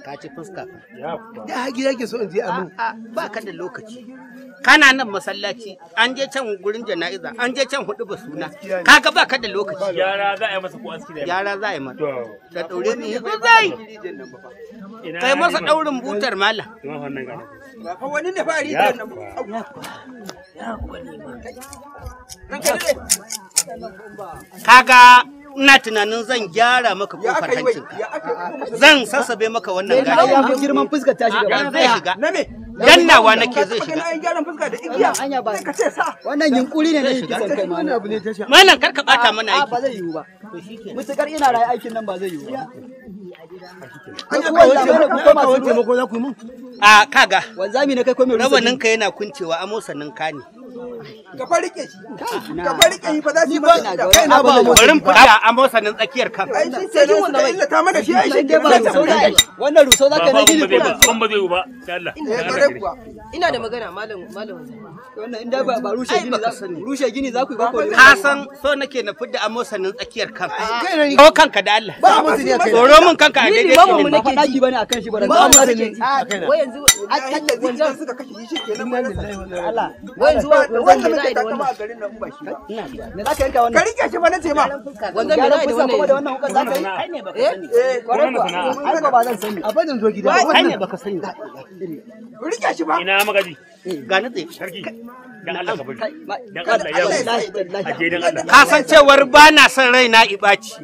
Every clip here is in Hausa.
ka ci fuska ka da gida ke so in je abu ba ka da lokaci kana nan masallaci an je can gurin jana'iza an je can hudu ba suna kaga ba ka da lokaci yara za a yi masa ko aski da yara za a yi masa da daure ni ba zai kai masa daurin butar mala ba wani ne fa rijiyar nan ba ba ya kaga ina tunanin zan gyara maka kofar hancin ka zan sassabe maka wannan gari ya fi girman fuskar ta shiga ba zai shiga na me dannawa nake zai shiga fuskar da igiya anya ba ka ce sa wannan yunkuri ne na kisan kai malam malam kar ka bata mana aiki ba zai yiwu ba mutukar ina rayi aikin nan ba zai yiwu ba A kaga. Wanzami na kai ko mai Rawanin ka yana kuncewa amo ka ne. Ka fa rike fa rike shi fa za kai na ba mu. fada tsakiyar kan. Ai shi sai wannan ta shi ai shi ke ba. Wannan ruso na gidi ba zai yi ba. Allah. da magana malam malam. Wannan inda ba ba rushe gini za ku rushe gini za ku ba ko. kan. Ko da Allah. ka a bane akan shi ba mu da ne wai yanzu a suka kashe shi kenan Allah yanzu wanda a garin nan ba shi ne zaka yanka wannan ka rike shi ba nace ma wanzan da wannan kuma da wannan hukan zaka yi kai ne baka sani eh ba ba zan sani a bajin zo gida kai ne baka sani rike shi ba ina magaji ga sarki dan ka san cewar ba na son raina ibaci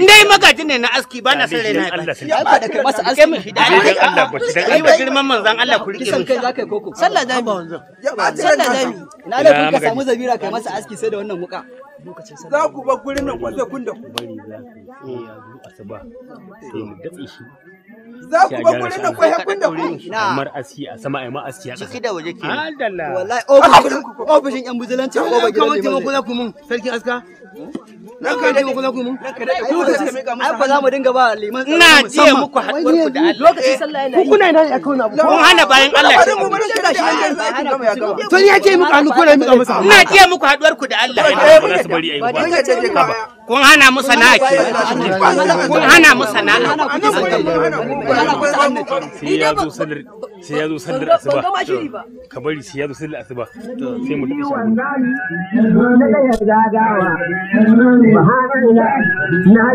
dai magaji ne na aski ba na son raina ibaci ba da kai masa aski hidaya dan girman manzon Allah ku rike mu kai zakai koko sallah dai ba wanzan sallah dai na da kun ka samu zabira kai masa aski sai da wannan muka za ku ba gurin nan kwanta kun da ku bari za ku a zuwa asuba sai mu shi za ku ba gurin da kwai hakun da ku kamar a sama ai ma a ciki da waje ke Allah wallahi ofishin ofishin yan buzulanci ko ba gidan ne kuma ku mun aska hmm? kuma ai ba za mu dinga ba liman ina muku da Allah lokacin sallah yana kuna abu kun hana bayan Allah to ya ce muku hannu ko da muka musa ina ce muku haduwar ku da Allah kun hana mu sana'a ke kun hana mu sana'a sai ya zo sallar ya zo sallar asuba ka bari sai ya zo sallar asuba sai mu tafi na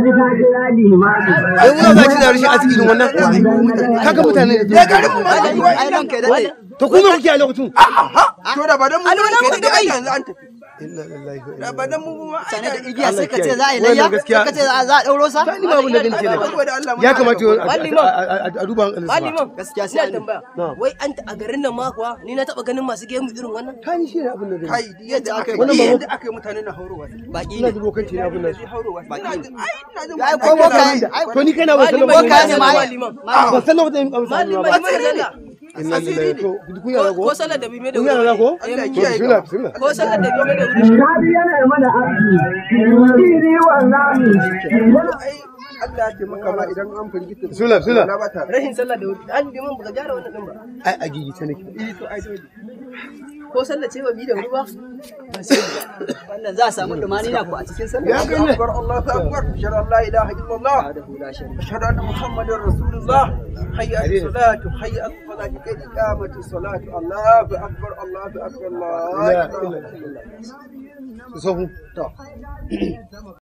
ji ta kira limami ai wani ba shi da rashin asibitin wannan kaga mutane da garin mu ma ai ranka da To kuma kake a lokacin? To da badan mu ne da ai yanzu an tafi. Inna lillahi wa inna ilaihi raji'un. Da badan mu sanar da igiya sai ka ce za a yi layya? sai Ka ce za a dauro sa? Tani ma da gani kenan. Ya kamata a duba an alisa Allah. Walima gaskiya sai an tambaya. Wai an a garin nan ma kuwa ni na taba ganin masu gemu irin wannan. Tani shi ne abin da Kai yadda aka yi wannan ba yadda aka yi mutanen na haurowa. Baki ne. Ina dubo kan ce abin nan. Haurowa. Baki ne. Ai ina ko boka. ko ni kana na ba sanin ba. Boka ne ma. Ba ah. sanin ba. Malima. Malima. inna ko da ko da wuri mana arziki kiri wallahi Allah ya maka ma idan an firgita bismillah bismillah rahin da an dimin baka gyara wannan din ba ai a gigita nake eh, ko sallah ce ba bi da ruwa wannan za a samu dumani na ku a cikin sallah ya kai akbar Allah ta akbar shara ilaha illallah shara anna muhammadar rasulullah hayya salatu hayya salatu kai salatu akbar akbar